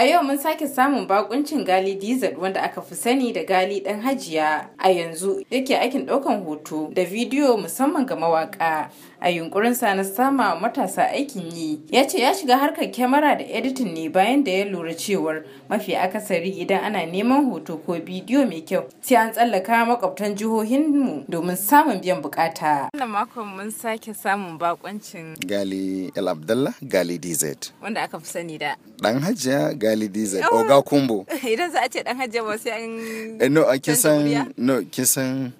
A yau mun sake samun bakuncin Gali diesel wanda aka fi sani da Gali ɗan Hajiya a yanzu yake aikin ɗaukan hoto da bidiyo musamman ga mawaƙa. A yunkurin sa na sama matasa aikin yi, ya ce ya shiga harkar kyamara da editing ne bayan da ya lura cewar mafi akasari idan ana neman hoto ko bidiyo mai kyau sai an tsallaka makwabtan jihohinmu domin samun biyan bukata. Wannan makon mun sake samun bakuncin Gali El Abdallah Gali DZ. Wanda aka fi sani da. Dan Hajiya gali Z Oga Kumbo. Idan za a ce dan hajjia ba sai an eh, No, kin san no, kin san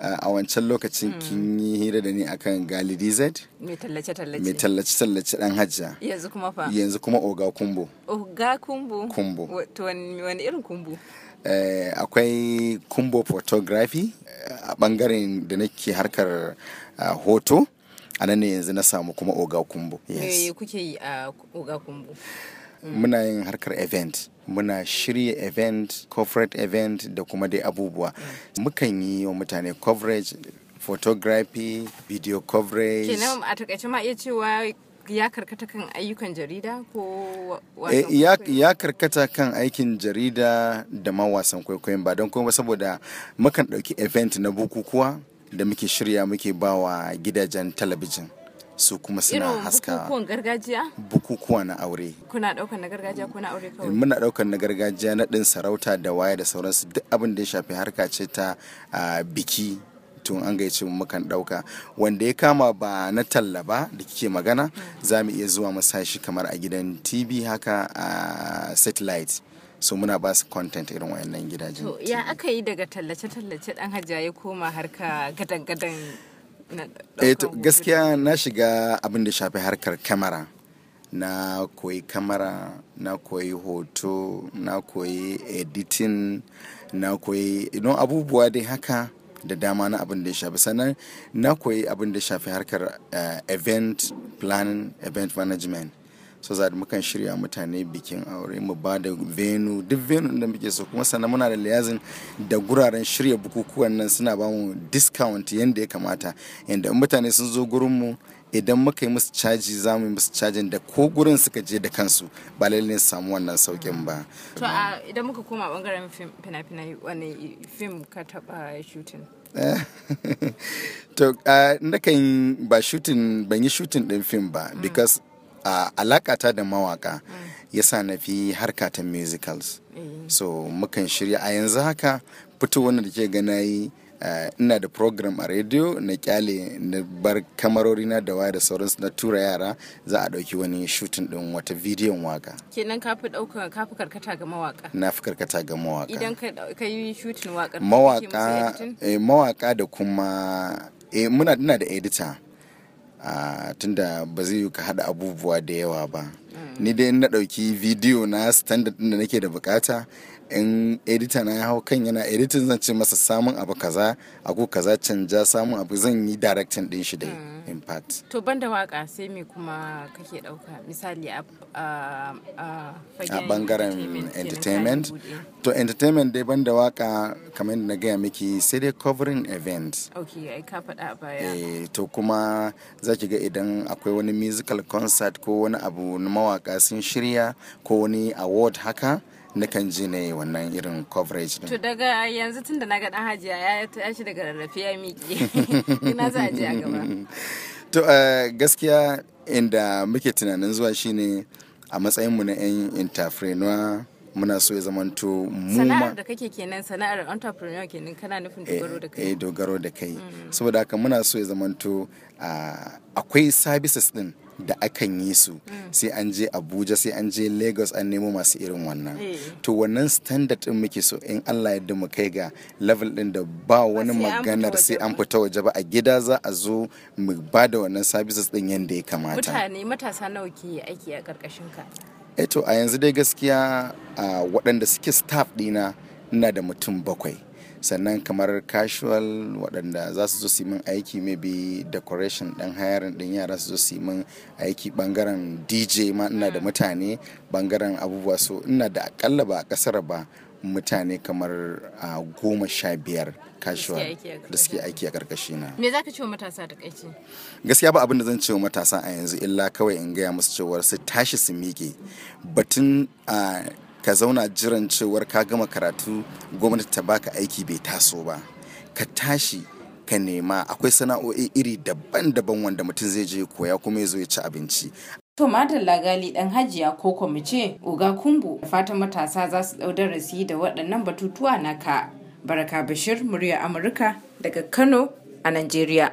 a wancan lokacin hmm. kin yi hira da ni akan gali Z. Mai tallace tallace. Mai tallace tallace dan hajja Yanzu kuma fa. Yanzu kuma Oga Kumbo. Oga Kumbo. Kumbo. To wani irin kumbo? Uh, eh, akwai kumbo photography eh, a uh, bangaren da nake harkar uh, hoto a nan ne yanzu na samu kuma oga kumbo. Yes. Me kuke yi a oga kumbo? muna yin harkar event muna shirya event corporate event da kuma dai abubuwa mukan yi wa mutane coverage photography video coverage kenan a takaice ma iya cewa ya karkata kan ayyukan jarida ko eh, ya karkata kan aikin jarida da ma wasan kwaikwayon ba don kuma saboda mukan ɗauki event na bukukuwa da muke shirya muke bawa gidajen talabijin su kuma suna haska gargajiya bukukuwa na aure kuna daukan na gargajiya ko na aure kawai muna daukan na gargajiya na din sarauta da waya da sauransu duk abin da ya shafi harka ce ta biki tun an gaice mu mukan dauka wanda ya kama ba na talla ba da kike magana za mu iya zuwa masashi kamar a gidan tv haka a satellite so muna ba su content irin wayannan gidajen ya aka yi daga tallace-tallace dan hajjaye koma harka gadan-gadan Eh gaskiya na shiga abin da shafi harkar kamara na koyi kamara na koyi hoto na koyi editing na koyi abubuwa dai haka da dama na abin da shafi sannan na koyi abin da shafi harkar eh, event planning event management so za mukan shirya mutane bikin aure mu ba da venu duk venu da muke so kuma sannan muna da liyazin da guraren shirya bukukuwan nan suna ba mu discount yadda ya kamata yadda mutane sun zo gurin mu idan muka yi musu caji za mu yi musu cajin da ko gurin suka je da kansu ba lallai su samu wannan saukin ba. To a idan muka koma bangaren fina-finai wani fim ka taba shooting? to nakan ba shooting ban yi shooting din fim ba mm. because a alakata da mawaka mm. ya sa na fi harka ta musicals mm. so mukan shirya a yanzu haka fito wanda da ke gana yi ina da program a radio na kyale na bar kamarorina da waya da sauransu na tura yara za a ɗauki wani shooting din wata bidiyon waka kenan ka fi ɗaukar ka fi karkata ga mawaka na fi karkata ga mawaka idan ka yi shooting waka mawaka eh, da kuma eh, muna da editor tunda ba zai ka haɗa abubuwa da yawa ba ni dai na ɗauki bidiyo na standard ɗin da nake da bukata in edita na ya hau kan yana editing zan ce masa samun abu kaza aku kaza canja samun abu zan yi directing ɗin shi dai in part to banda waka sai me kuma kake dauka misali a a bangaren entertainment to entertainment dai banda waka kamar yadda na gaya miki sai dai covering event Ok, ai ka faɗa a baya eh to kuma za ki ga idan akwai wani musical concert ko wani abu na mawaka sun shirya ko wani award haka nakan ji ne wannan irin coverage din. To daga yanzu tun da na ga dan hajiya ya tashi daga rarrafe ya miƙe. Ina za a je a gaba. To eh, gaskiya inda muke tunanin zuwa shine a matsayin mu na 'yan entrepreneur muna so ya to mu ma. sana'ar da kake kenan sana'ar entrepreneur kenan kana nufin eh, dogaro da kai eh dogaro da kai mm. saboda haka muna so ya to ah, akwai services din da akan yi su mm. sai an je abuja sai an je lagos an nemo masu irin wannan eh. to wannan standard din muke so in allah yadda mu kai ga level din da ba wani maganar sai an fita waje ba a gida za a zo mu ba da wannan services din yadda ya kamata mutane matasa nawa ke aiki a karkashin ka eto eh a yanzu dai gaskiya ah, waɗanda suke staff dina ina da mutum bakwai sannan kamar casual waɗanda za su zo su min aiki maybe decoration ɗan hayarin ɗin yara su zo su min aiki ɓangaren dj ma ina da mm. mutane ɓangaren abubuwa so ina da akalla ba a ƙasar ba mutane kamar goma sha biyar casual da suke aiki a karkashi na. Me za ka ce wa matasa da kai Gaskiya ba abin da zan ce wa matasa a yanzu illa kawai in gaya musu cewar su tashi su miƙe. Batun ka zauna jiran cewar ka gama karatu gwamnati ta baka aiki bai taso ba ka tashi ka nema akwai sana'o'i iri daban-daban wanda mutum zai je koya kuma ya zo ya ci abinci To madalla Lagali dan Hajiya ko kwamice Oga Kumbu fatan matasa za su ɗau darasi da waɗannan batutuwa naka. Baraka Bashir, murya Amurka daga Kano a Najeriya.